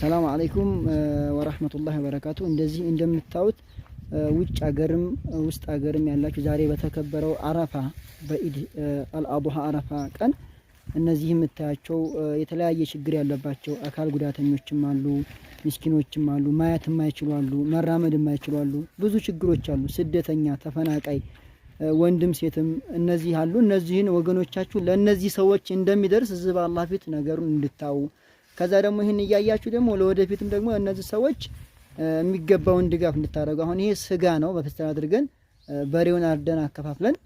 ሰላም አለይኩም ወራህመቱላሂ ወበረካቱ። እንደዚህ እንደምታዩት ውጭ ሀገርም ውስጥ ሀገርም ያላችሁ ዛሬ በተከበረው አረፋ በኢድ አልአቡሃ አረፋ ቀን እነዚህ የምታያቸው የተለያየ ችግር ያለባቸው አካል ጉዳተኞችም አሉ፣ ምስኪኖችም አሉ፣ ማየት የማይችሉ አሉ፣ መራመድ የማይችሉ አሉ፣ ብዙ ችግሮች አሉ። ስደተኛ፣ ተፈናቃይ ወንድም ሴትም እነዚህ አሉ። እነዚህን ወገኖቻችሁ ለእነዚህ ሰዎች እንደሚደርስ ህዝብ አላህ ፊት ነገሩን እንድታው ከዛ ደግሞ ይህን እያያችሁ ደግሞ ለወደፊትም ደግሞ እነዚህ ሰዎች የሚገባውን ድጋፍ እንድታደርጉ አሁን ይሄ ስጋ ነው በፌስታል አድርገን በሬውን አርደን አከፋፍለን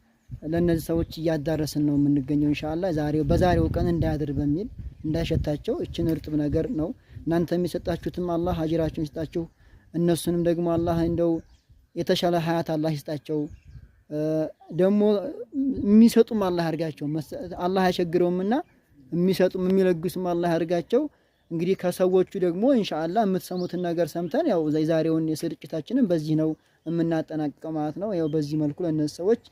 ለእነዚህ ሰዎች እያዳረስን ነው የምንገኘው። እንሻላ ዛሬው በዛሬው ቀን እንዳያድር በሚል እንዳይሸታቸው እችን እርጥብ ነገር ነው እናንተ የሚሰጣችሁትም አላህ አጅራችሁን ይስጣችሁ። እነሱንም ደግሞ አላህ እንደው የተሻለ ሀያት አላህ ይስጣቸው። ደግሞ የሚሰጡም አላህ ያርጋቸው። አላህ አይቸግረውምና የሚሰጡም የሚለግሱም አላህ ያርጋቸው። እንግዲህ ከሰዎቹ ደግሞ እንሻአላ የምትሰሙትን ነገር ሰምተን ያው ዛሬውን የስርጭታችንን በዚህ ነው የምናጠናቅቀው ማለት ነው። ያው በዚህ መልኩ ለእነዚህ ሰዎች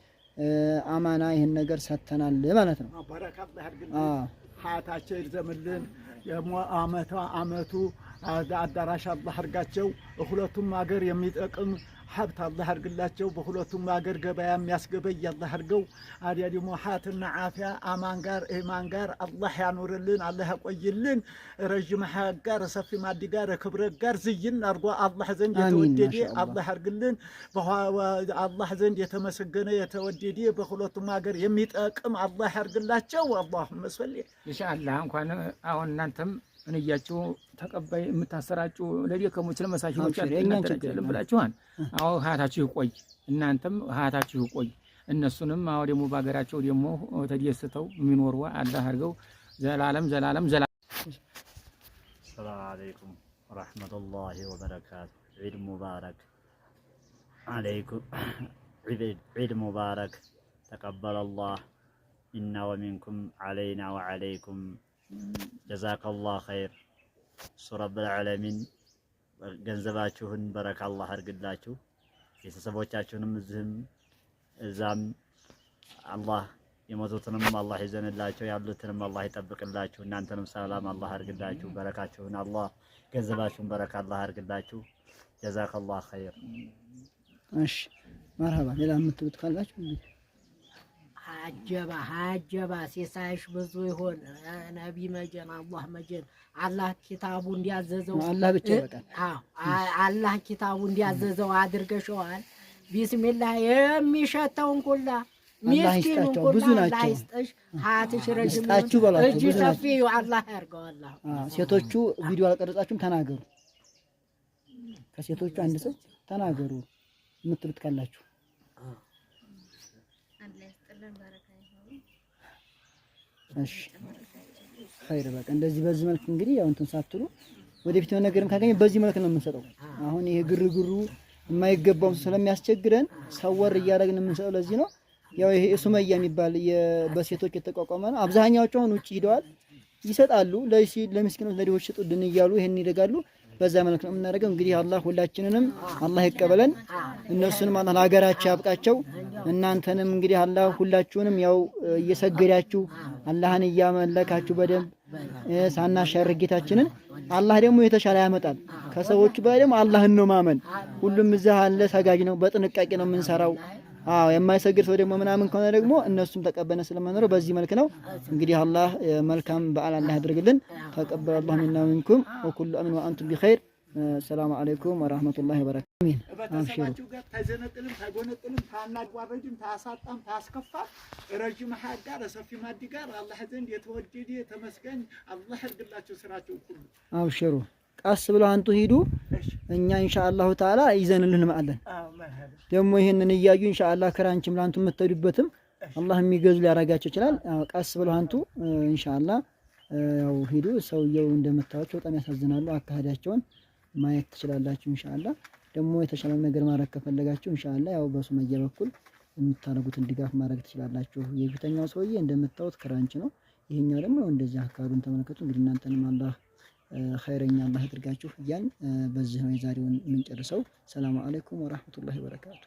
አማና ይህን ነገር ሰጥተናል ማለት ነው። ሀያታቸው ይርዘምልን። አመቷ አመቱ አዳራሽ አላ አድርጋቸው። ሁለቱም ሀገር የሚጠቅም ሀብት አላህ አድርግላቸው። በሁለቱም ሀገር ገበያ የሚያስገበይ አላህ አድርገው። አዲያ ደግሞ ሀያትና አፊያ አማን ጋር ኢማን ጋር አላህ ያኖርልን አላህ ያቆይልን። ረዥም ሀያት ጋር ሰፊ ማዲ ጋር ክብረት ጋር ዝይን አድርጎ አላህ ዘንድ የተወደደ አላህ አድርግልን። አላህ ዘንድ የተመሰገነ የተወደደ በሁለቱም ሀገር የሚጠቅም አላህ ያድርግላቸው። አላሁመ ሰሊ ኢንሻአላህ እንኳን አሁን እናንተም እንያቸው ተቀባይ የምታሰራጩ ለደከሞች ለመሳሽኖች እናንተናቸለም ብላችኋል። አዎ ሀያታችሁ ይቆይ፣ እናንተም ሀያታችሁ ይቆይ። እነሱንም አሁ ደግሞ በሀገራቸው ደግሞ ተደስተው የሚኖሩ አላህ አድርገው ዘላለም ዘላለም ዘላለም። ሰላም አለይኩም ወራህመቱላሂ ወበረካቱ። ዒድ ሙባረክ አለይኩም። ዒድ ሙባረክ ተቀበለላህ ኢና ወሚንኩም ዓለይና ወዓለይኩም ጀዛከላህ ኸይር። እሱ ረብል ዓለሚን ገንዘባችሁን በረካ አላህ አድርግላችሁ። ቤተሰቦቻችሁንም እዚህም እዛም አላህ የሞቱትንም አላህ ይዘንላቸው፣ ያሉትንም አላህ ይጠብቅላችሁ። እናንተንም ሰላም አላህ አድርግላችሁ። በረካችሁን አላህ ገንዘባችሁን በረካ አላህ አድርግላችሁ። ጀዛከላህ ኸይር። እሺ መርሀባ። ሌላ የምትሉት ካላችሁ አጀባ አጀባ ሲሳይሽ ብዙ ይሆን ነቢ መጀን አላህ መጀን አላህ ኪታቡ እንዲያዘዘው አላህ ብቻ ይበቃል። አላህ ኪታቡ እንዲያዘዘው አድርገሽዋል። ቢስሚላህ የሚሸተውን ኩላ ሚስኪኑን ኩላ አላህ ይስጥሽ። ሀያትሽ ረጅም እጅ ሰፊ አላህ ያርገዋል። ሴቶቹ ቪዲዮ አልቀረጻችሁም፣ ተናገሩ። ከሴቶቹ አንድ ሰው ተናገሩ የምትሉት ካላችሁ እሺ ኸይር በቃ እንደዚህ በዚህ መልክ እንግዲህ ያው እንትን ሳትሉ ወደፊት የሆነ ነገርም ካገኘ በዚህ መልክ ነው የምንሰጠው። አሁን ይሄ ግርግሩ የማይገባውም ስለሚያስቸግረን ሰወር እያደረግን የምንሰጠው ለዚህ ነው። ያው ይሄ ሱመያ የሚባል በሴቶች የተቋቋመ ነው። አብዛኛዎቹ አሁን ውጭ ሂደዋል ይሰጣሉ። ለምስኪኖች ለድሆች ስጡልን እያሉ ይሄን ይደጋሉ። በዛ መልክ ነው የምናደርገው። እንግዲህ አላህ ሁላችንንም አላህ ይቀበለን፣ እነሱንም አላህ ለሀገራቸው ያብቃቸው። እናንተንም እንግዲህ አላህ ሁላችሁንም ያው እየሰገዳችሁ አላህን እያመለካችሁ በደንብ ሳናሻር ጌታችንን አላህ ደግሞ የተሻለ ያመጣል። ከሰዎቹ በላይ ደግሞ አላህን ነው ማመን። ሁሉም እዛ አለ ሰጋጅ ነው። በጥንቃቄ ነው የምንሰራው። አዎ የማይሰግድ ሰው ደግሞ ምናምን ከሆነ ደግሞ እነሱም ተቀበለ ስለማኖረው በዚህ መልክ ነው እንግዲህ። አላህ መልካም በዓል አላህ ያደርግልን። ተቀበለ አላህ ሚና ወኩሉ አሚን ወአንቱም ቢኸይር ሰላም አለይኩም ወራህመቱላሂ ወበረካቱ። አሚን። በተሰባችሁ ጋር ታዘነጥልም፣ ታጎነጥልም፣ ታናጓረጅም፣ ታሳጣም፣ ታስከፋም ረጅም ሀቅ ጋር ሰፊ ማዲ ጋር አላህ ዘንድ የተወደደ የተመስገን አላህ ያድርግላችሁ ስራችሁ ሁሉ። አብሽሩ፣ ቀስ ብለው አንቱ ሂዱ። እኛ ኢንሻአላሁ ተዓላ ይዘንልን ማለን ደግሞ ይሄንን እያዩ ኢንሻአላህ ክራንችም ላንቱ የምትሄዱበትም አላህ የሚገዙ ሊያረጋቸው ይችላል። ቀስ ብለው ኢንሻአላህ ያው ሂዱ። ሰውየው እንደምታዩት በጣም ያሳዝናሉ አካሄዳቸውን ማየት ትችላላችሁ። እንሻላ ደግሞ የተሻለ ነገር ማድረግ ከፈለጋችሁ እንሻላ ያው በሱመያ በኩል የምታደርጉትን ድጋፍ ማድረግ ትችላላችሁ። የፊተኛው ሰውዬ እንደምታዩት ክራንች ነው። ይሄኛው ደግሞ እንደዚህ አካሉን ተመለከቱ። እንግዲህ እናንተንም አላህ ኸይረኛ አላህ አድርጋችሁ ያን በዚህ ነው የዛሬውን የምንጨርሰው። ሰላሙ አለይኩም ወራህመቱላሂ ወበረካቱ።